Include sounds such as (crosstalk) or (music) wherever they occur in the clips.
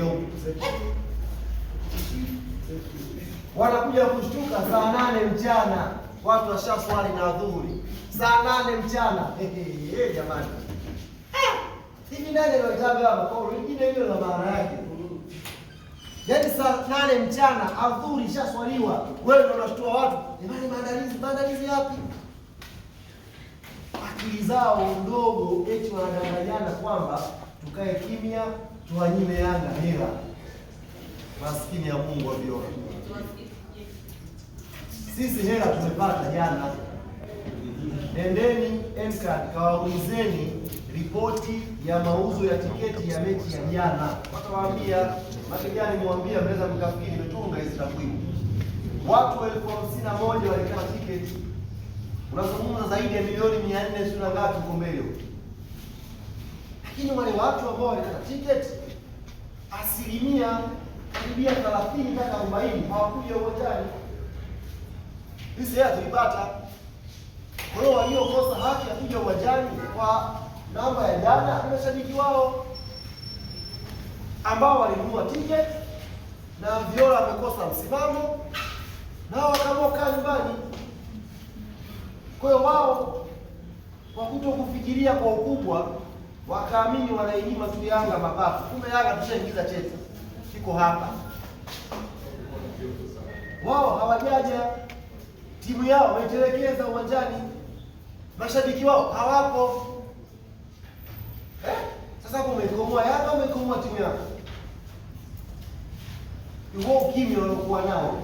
vyombo wanakuja kushtuka saa nane mchana, watu washaswali na dhuhuri saa nane mchana. (laughs) Jamani, hivi nane naitagamaao hilo la maana yake, yaani saa nane mchana adhuri ishaswaliwa, wewe ndio unashtua watu. Jamani, maandalizi maandalizi yapi? Akili zao ndogo, eti wanadanganyana kwamba tukae kimya, tuwanyime Yanga hela. Maskini ya Mungu wa sisi hela tumepata jana. Endeni enka kawaulizeni ripoti ya mauzo ya tiketi ya mechi ya jana, watawaambia matijani, mwambia mnaweza mkafikiri nimetunga hizi takwimu. Watu elfu hamsini na moja walikata tiketi, unazungumza zaidi ya milioni mia nne sio na ngapi huko mbele lakini wale watu ambao walikata ticket asilimia karibia 30 mpaka 40 hawakuja uwanjani. Hizi haya tulipata. Kwa hiyo waliokosa haki ya kuja uwanjani kwa namba ya jana ni mashabiki wao ambao walinunua ticket na Viola amekosa msimamo nao wakaamua kaa nyumbani. Kwa hiyo wao kwa kuto kufikiria kwa ukubwa wakaamini wanainyima tu Yanga mabafu kumbe Yanga tushaingiza cheti kiko hapa. Wao hawajaja, timu yao wametelekeza uwanjani, mashabiki wao hawapo eh? Sasa hapo umekomoa Yanga, umekomoa timu yako. Huo ukimya waliokuwa nao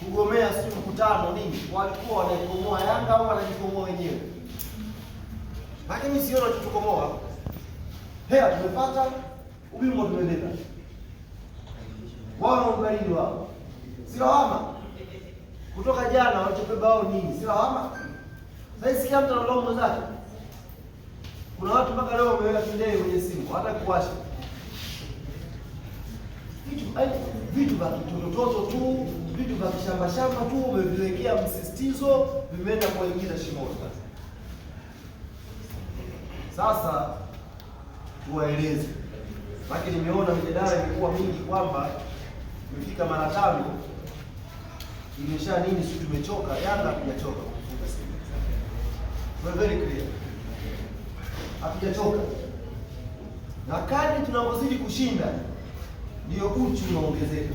kugomea, si mkutano nini, walikuwa wanaikomoa Yanga au wanajikomoa wenyewe? Maana mimi siona tutukomoa. Hela tumepata, ubingwa tumebeba. Wao na wao. Si lawama. Kutoka jana walichobeba wao nini? Si lawama. Sasa sikia mtu analaumu mwenzake. Kuna watu mpaka leo wameweka kindei kwenye simu, hata kuwasha. Vitu eh, vitu vya kitototo tu, vitu vya kishamba shamba tu, umeviwekea msisitizo, vimeenda kuingiza shimoni sasa. Sasa tuwaeleze, lakini nimeona mijadala imekuwa mingi kwamba imefika mara tano imesha nini, si tumechoka. Yanga hatujachoka kufunga Simba, we very clear, hatujachoka na kadri tunavyozidi kushinda ndio uchu unaongezeka,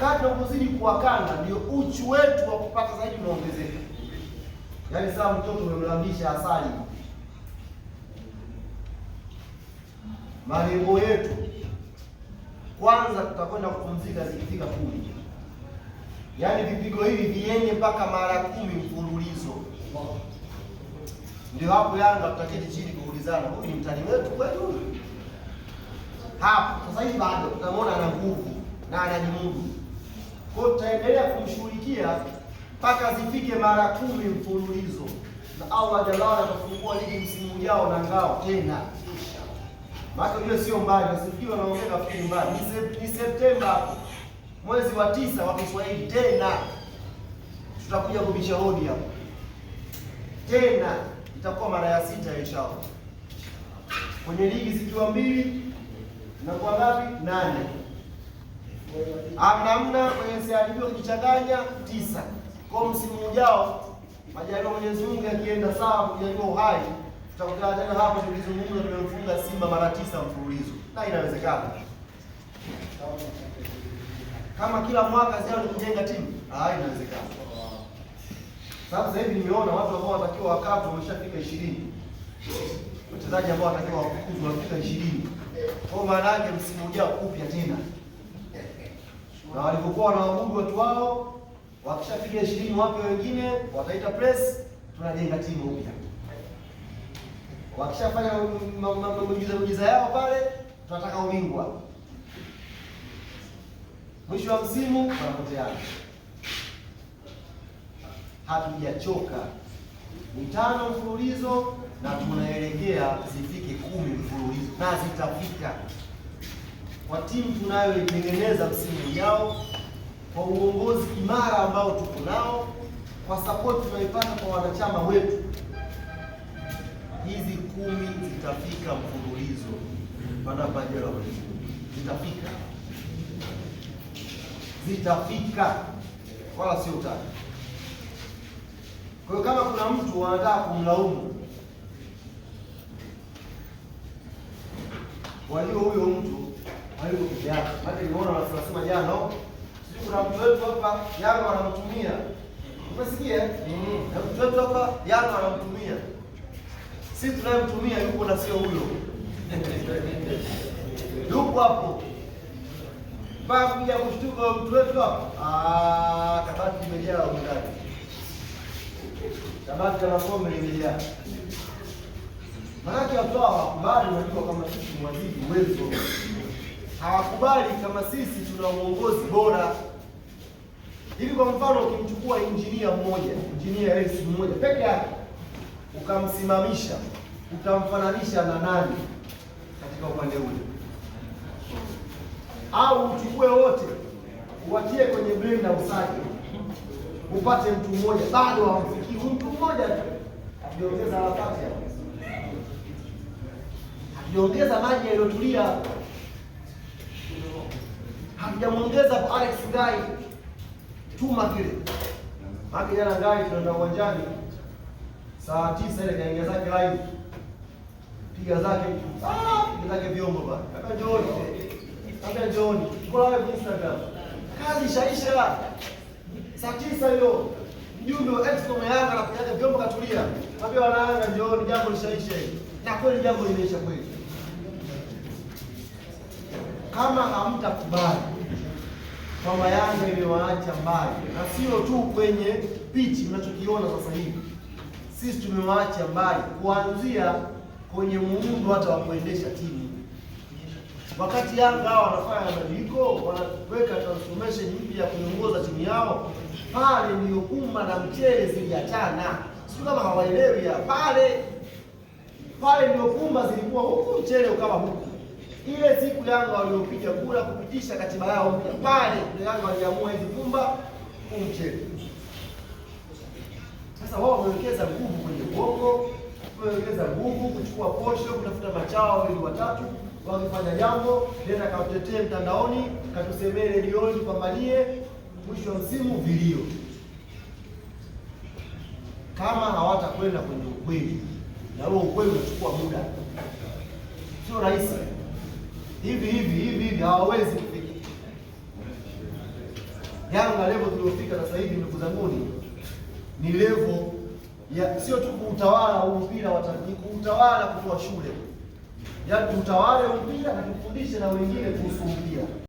kadri tunavyozidi kuwakanda ndio uchu wetu wa kupata zaidi unaongezeka. Yaani saa mtoto umemlambisha asali. Malengo yetu kwanza, tutakwenda kupumzika zikifika kumi, yaani vipigo hivi vienye mpaka mara kumi mfululizo, ndio hapo Yanga tutaketi chini kuulizana, huyu ni mtani wetu kweli huyu? Hapo sasa hivi bado tutamwona ana nguvu na anajimudu, kwa tutaendelea kumshughulikia mpaka zifike mara kumi mfululizo, na Allah jalala atafungua ligi msimu ujao na ngao tena Maka hiyo sio mbali, wasifikiri wanaongea nafikiri mbali. Ni Septemba mwezi wa tisa wa Kiswahili tena. Tutakuja kubisha hodi hapo. Tena itakuwa mara ya sita inshallah. Kwenye ligi zikiwa mbili na kwa ngapi? Nane. Amna amna kwenye sialibu kichanganya tisa. Kwa msimu ujao, majaliwa Mwenyezi Mungu akienda sawa, kujaliwa uhai, tutakutana tena hapo tulizungumza, tumemfunga Simba mara tisa mfululizo na inawezekana kama kila mwaka zao ni kujenga timu ah, inawezekana. Sababu sasa hivi nimeona watu ambao watakiwa wakatwe wameshafika 20 wachezaji ambao watakiwa wakukuzwa wafika 20 Kwa maana yake msimu ujao upya tena, na walipokuwa na wamungu watu wao wakishapiga ishirini wape wengine, wataita press, tunajenga timu upya. Wakishafanya miujiza miujiza yao pale, tunataka ubingwa. Mwisho wa msimu wanapoteana. Hatujachoka, ni tano mfululizo na tunaelekea zifike kumi mfululizo na zitafika, kwa timu tunayoitengeneza msimu ujao kwa uongozi imara ambao tuko nao, kwa sapoti tunaipata kwa wanachama wetu, hizi kumi zitafika mfululizo, madapajela zitafika, zitafika wala sio tatu. Kwa hiyo kama kuna mtu anataka kumlaumu walio huyo mtu walio kijana, yake, maana wanasema jana sisi kuna mtu wetu hapa Yanga anamtumia Umesikia? Na mtu wetu hapa Yanga wanamtumia. Sisi tunayemtumia yuko na sio huyo. (laughs) Yuko hapo. Baa kuja kushtuka mtu wetu hapa. Ah, kabati imejaa waundaji. Kabati kama kombe limejaa. Maana watu hawa mbali wanajua kama sisi mwajiri uwezo hawakubali kama sisi tuna uongozi bora. Hivi kwa mfano, ukimchukua injinia mmoja, injinia rais mmoja peke yake, ukamsimamisha, utamfananisha na nani katika upande ule? Au uchukue wote uwatie kwenye blender usage, upate mtu mmoja, bado hamfikii mtu mmoja tu, akiongeza wakati, akiongeza maji yaliyotulia Hatujamwongeza kwa Alex Ngai tuma kile haki jana. Ngai tunaenda uwanjani saa tisa ile kaingia zake live, piga zake ah zake vyombo bana, kaka John kaka John kwa live Instagram, kazi shaisha saa tisa hiyo mjumbe wa Exco Mayanga na kujaza vyombo katulia, mwambie wanaanga Yanga jambo lishaisha Na kweli jambo limeisha kweli, kama hamtakubali kwamba Yanga imewaacha mbali, na sio tu kwenye pichi mnachokiona sasa hivi. Sisi tumewaacha mbali kuanzia kwenye muundo hata wa kuendesha timu. Wakati Yanga hawa wanafanya mabadiliko, wanaweka transformation mpya ya kuongoza timu yao, pale ndio kuma na mchele ziliachana. Sio kama hawaelewi ya pale pale, ndio kuma zilikuwa huku, mchele ukawa huku ile siku Yanga waliopiga kura kupitisha katiba yao mpya pale, ndio Yanga waliamua hizi pumba umche Sasa wao wamewekeza nguvu kwenye uongo, wamewekeza nguvu kuchukua posho, kutafuta machao wawili watatu, wakifanya jambo tena, kautetee mtandaoni, katusemee redioni, pambanie mwisho wa msimu vilio, kama hawatakwenda kwenye ukweli, na huo ukweli unachukua muda, sio rahisi hivi hivi hivi hivi, hawawezi kufika Yanga level tuliofika sasa hivi, ndugu zanguni, ni level ya sio tu kuutawala huu mpira wa Tanzania, kuutawala kutoa shule, yaani tutawale mpira na tufundishe na wengine kuhusu mpira.